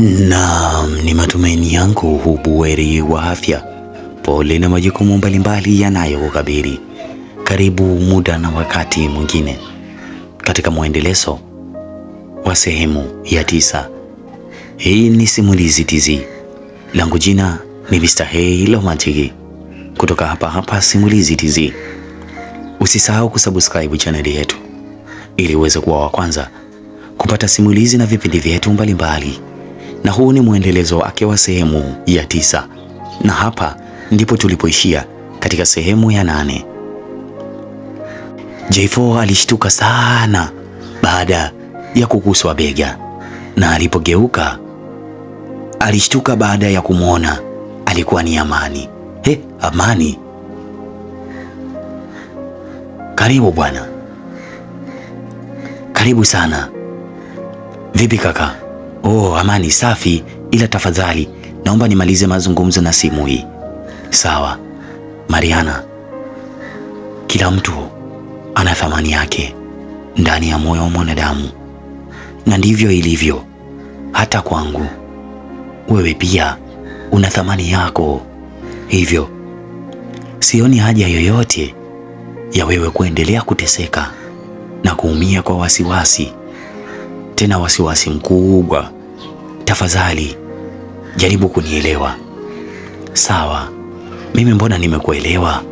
Naam, ni matumaini yangu hubuheri wa afya, pole na majukumu mbalimbali yanayokukabili. Karibu muda na wakati mwingine katika mwendelezo wa sehemu ya tisa. Hii ni Simulizi Tz, langu jina ni Mr. Hey Romantic kutoka hapa hapa Simulizi Tz. Usisahau kusubscribe chaneli yetu ili uweze kuwa wa kwanza kupata simulizi na vipindi vyetu mbalimbali na huu ni mwendelezo wake wa sehemu ya tisa, na hapa ndipo tulipoishia katika sehemu ya nane. J4 alishtuka sana baada ya kukuswa bega, na alipogeuka alishtuka baada ya kumwona alikuwa ni Amani. He, Amani, karibu bwana, karibu sana. Vipi kaka? Oh, Amani, safi, ila tafadhali naomba nimalize mazungumzo na simu hii. Sawa Mariana, kila mtu ana thamani yake ndani ya moyo wa mwanadamu, na ndivyo ilivyo hata kwangu. Wewe pia una thamani yako, hivyo sioni haja yoyote ya wewe kuendelea kuteseka na kuumia kwa wasiwasi tena wasiwasi mkubwa. Tafadhali jaribu kunielewa. Sawa, mimi mbona nimekuelewa,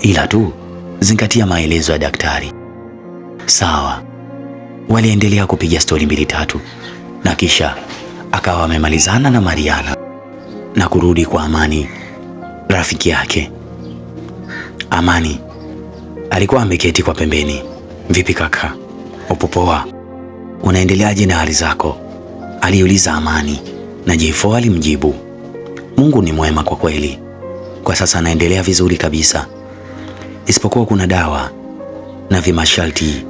ila tu zingatia maelezo ya daktari. Sawa. Waliendelea kupiga stori mbili tatu, na kisha akawa amemalizana na Mariana na kurudi kwa Amani rafiki yake. Amani alikuwa ameketi kwa pembeni. Vipi kaka, upo poa? unaendeleaje na hali zako? aliuliza Amani na Jifo alimjibu, Mungu ni mwema kwa kweli, kwa sasa naendelea vizuri kabisa, isipokuwa kuna dawa na vimasharti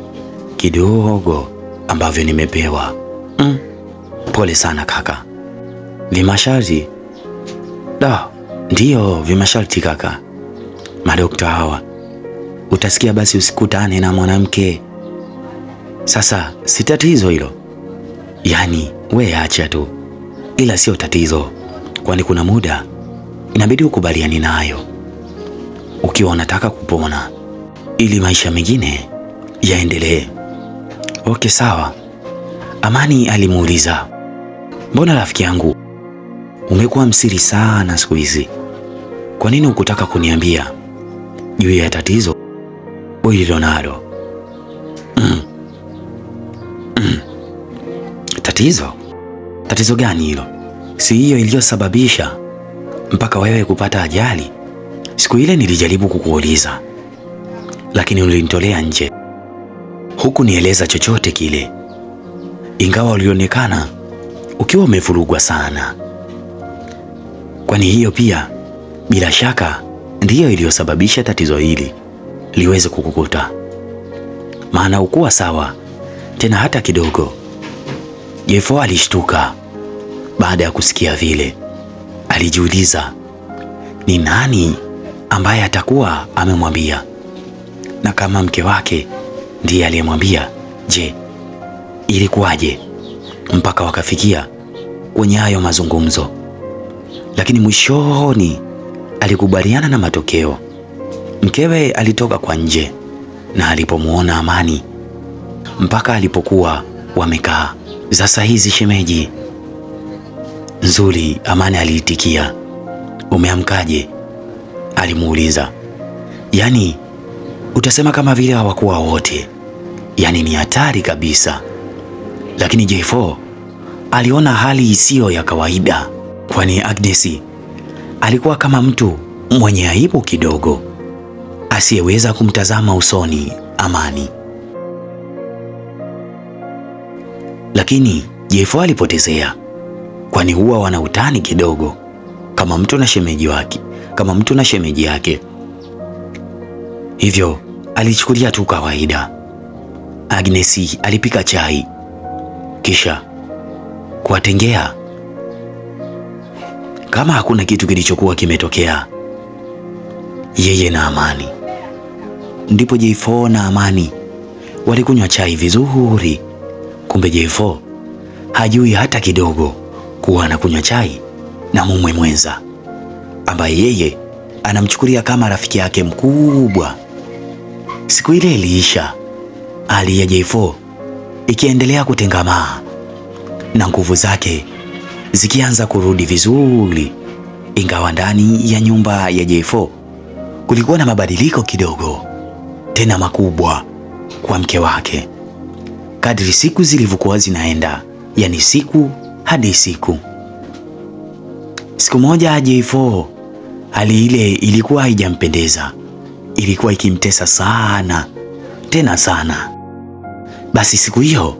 kidogo ambavyo nimepewa. Mm, pole sana kaka. Vimasharti da? Ndiyo, vimasharti kaka. Madokta hawa utasikia basi, usikutane na mwanamke sasa si tatizo hilo, yaani we acha tu, ila sio tatizo, kwani kuna muda inabidi ukubaliani nayo ukiwa unataka kupona ili maisha mengine yaendelee. Okay, sawa. Amani alimuuliza, mbona rafiki yangu umekuwa msiri sana siku hizi? Kwa nini hukutaka kuniambia juu ya tatizo ulilonalo? Tatizo? Tatizo gani hilo? Si hiyo iliyosababisha mpaka wewe kupata ajali? Siku ile nilijaribu kukuuliza, lakini ulinitolea nje, huku nieleza chochote kile, ingawa ulionekana ukiwa umevurugwa sana. Kwani hiyo pia bila shaka ndiyo iliyosababisha tatizo hili liweze kukukuta, maana ukuwa sawa tena hata kidogo. Jefo alishtuka baada ya kusikia vile. Alijiuliza ni nani ambaye atakuwa amemwambia, na kama mke wake ndiye aliyemwambia, je, ilikuwaje mpaka wakafikia kwenye hayo mazungumzo? Lakini mwishoni alikubaliana na matokeo. Mkewe alitoka kwa nje na alipomwona Amani mpaka alipokuwa wamekaa za saa hizi shemeji? Nzuri, Amani aliitikia. Umeamkaje? alimuuliza. Yaani utasema kama vile hawakuwa wote, yaani ni hatari kabisa. Lakini J4 aliona hali isiyo ya kawaida, kwani Agnes alikuwa kama mtu mwenye aibu kidogo asiyeweza kumtazama usoni Amani. Lakini Jefo alipotezea, kwani huwa wana utani kidogo, kama mtu na shemeji wake, kama mtu na shemeji yake, hivyo alichukulia tu kawaida. Agnesi alipika chai kisha kuwatengea kama hakuna kitu kilichokuwa kimetokea. Yeye na Amani ndipo J4 na Amani walikunywa chai vizuri. Kumbe J4 hajui hata kidogo kuwa anakunywa chai na mumwe mwenza ambaye yeye anamchukulia kama rafiki yake mkubwa. Siku ile iliisha, hali ya J4 ikiendelea kutengamaa na nguvu zake zikianza kurudi vizuri, ingawa ndani ya nyumba ya J4 kulikuwa na mabadiliko kidogo, tena makubwa kwa mke wake kadri siku zilivyokuwa zinaenda, yani siku hadi siku. Siku moja J4 hali ile ilikuwa haijampendeza, ilikuwa ikimtesa sana tena sana. Basi siku hiyo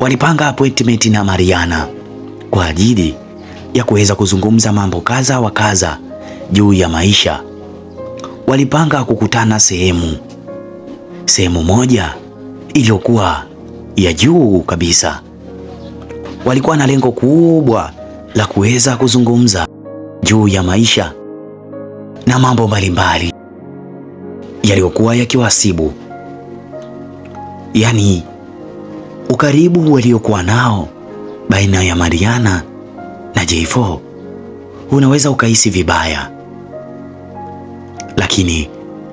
walipanga appointment na Mariana kwa ajili ya kuweza kuzungumza mambo kadha wa kadha juu ya maisha. Walipanga kukutana sehemu sehemu moja iliyokuwa ya juu kabisa. Walikuwa na lengo kubwa la kuweza kuzungumza juu ya maisha na mambo mbalimbali yaliyokuwa yakiwasibu, yaani ukaribu waliokuwa nao baina ya Mariana na J4 unaweza ukahisi vibaya, lakini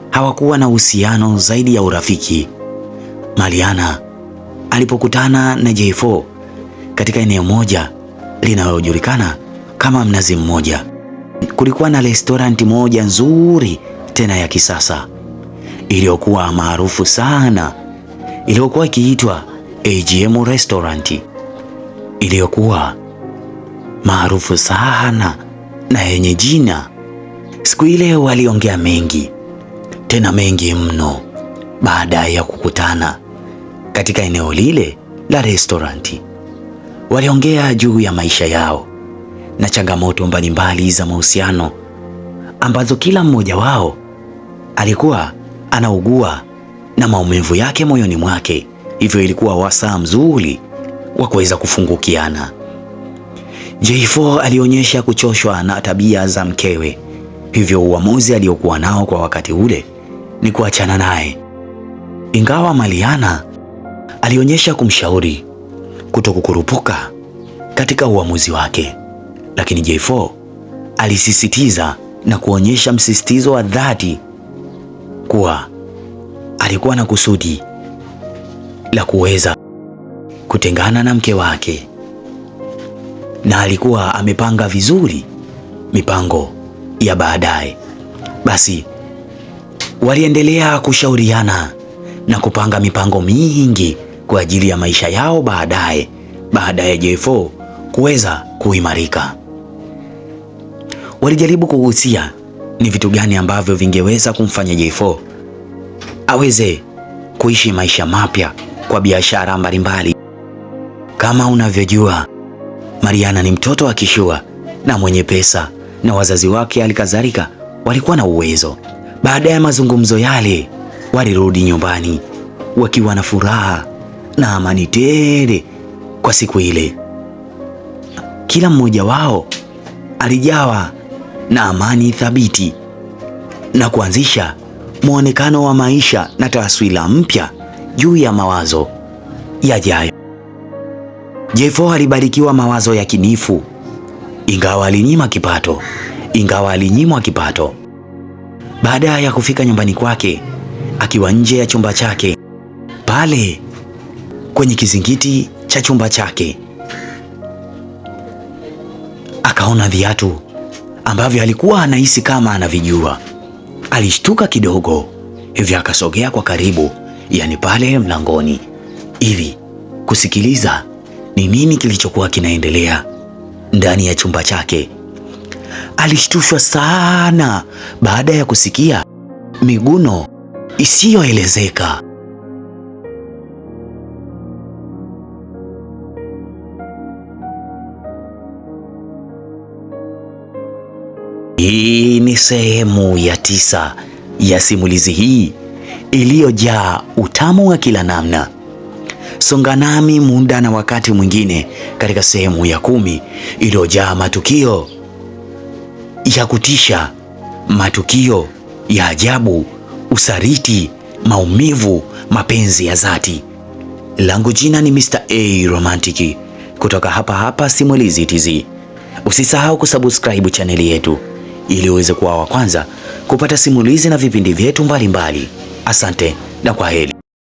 hawakuwa na uhusiano zaidi ya urafiki. Mariana alipokutana na J4 katika eneo moja linalojulikana kama Mnazi Mmoja. Kulikuwa na restoranti moja nzuri tena ya kisasa iliyokuwa maarufu sana iliyokuwa ikiitwa AGM Restaurant iliyokuwa maarufu sana na yenye jina. Siku ile waliongea mengi tena mengi mno baada ya kukutana katika eneo lile la restoranti. Waliongea juu ya maisha yao na changamoto mbalimbali za mahusiano ambazo kila mmoja wao alikuwa anaugua na maumivu yake moyoni mwake, hivyo ilikuwa wasaa mzuri wa kuweza kufungukiana. J4 alionyesha kuchoshwa na tabia za mkewe, hivyo uamuzi aliokuwa nao kwa wakati ule ni kuachana naye, ingawa maliana Alionyesha kumshauri kuto kukurupuka katika uamuzi wake, lakini J4 alisisitiza na kuonyesha msisitizo wa dhati kuwa alikuwa na kusudi la kuweza kutengana na mke wake na alikuwa amepanga vizuri mipango ya baadaye. Basi waliendelea kushauriana na kupanga mipango mingi kwa ajili ya maisha yao baadaye baada ya J4 kuweza kuimarika. Walijaribu kugusia ni vitu gani ambavyo vingeweza kumfanya J4 aweze kuishi maisha mapya kwa biashara mbalimbali. Kama unavyojua, Mariana ni mtoto wa kishua na mwenye pesa, na wazazi wake halikadhalika walikuwa na uwezo. Baada ya mazungumzo yale, walirudi nyumbani wakiwa na furaha na amani tele kwa siku ile. Kila mmoja wao alijawa na amani thabiti na kuanzisha mwonekano wa maisha na taswira mpya juu ya mawazo yajayo. Jefo alibarikiwa mawazo ya kinifu, ingawa alinyima kipato ingawa alinyimwa kipato. Baada ya kufika nyumbani kwake, akiwa nje ya chumba chake pale kwenye kizingiti cha chumba chake akaona viatu ambavyo alikuwa anahisi kama anavijua. Alishtuka kidogo hivyo akasogea kwa karibu, yani pale mlangoni hivi kusikiliza ni nini kilichokuwa kinaendelea ndani ya chumba chake. Alishtushwa sana baada ya kusikia miguno isiyoelezeka Hii ni sehemu ya tisa ya simulizi hii iliyojaa utamu wa kila namna. Songa nami muda na wakati mwingine katika sehemu ya kumi iliyojaa matukio ya kutisha, matukio ya ajabu, usaliti, maumivu, mapenzi ya dhati. Langu jina ni Mr. A Romantic kutoka hapa hapa Simulizi Tz. Usisahau kusubscribe chaneli yetu ili uweze kuwa wa kwanza kupata simulizi na vipindi vyetu mbalimbali. Asante na kwa heri.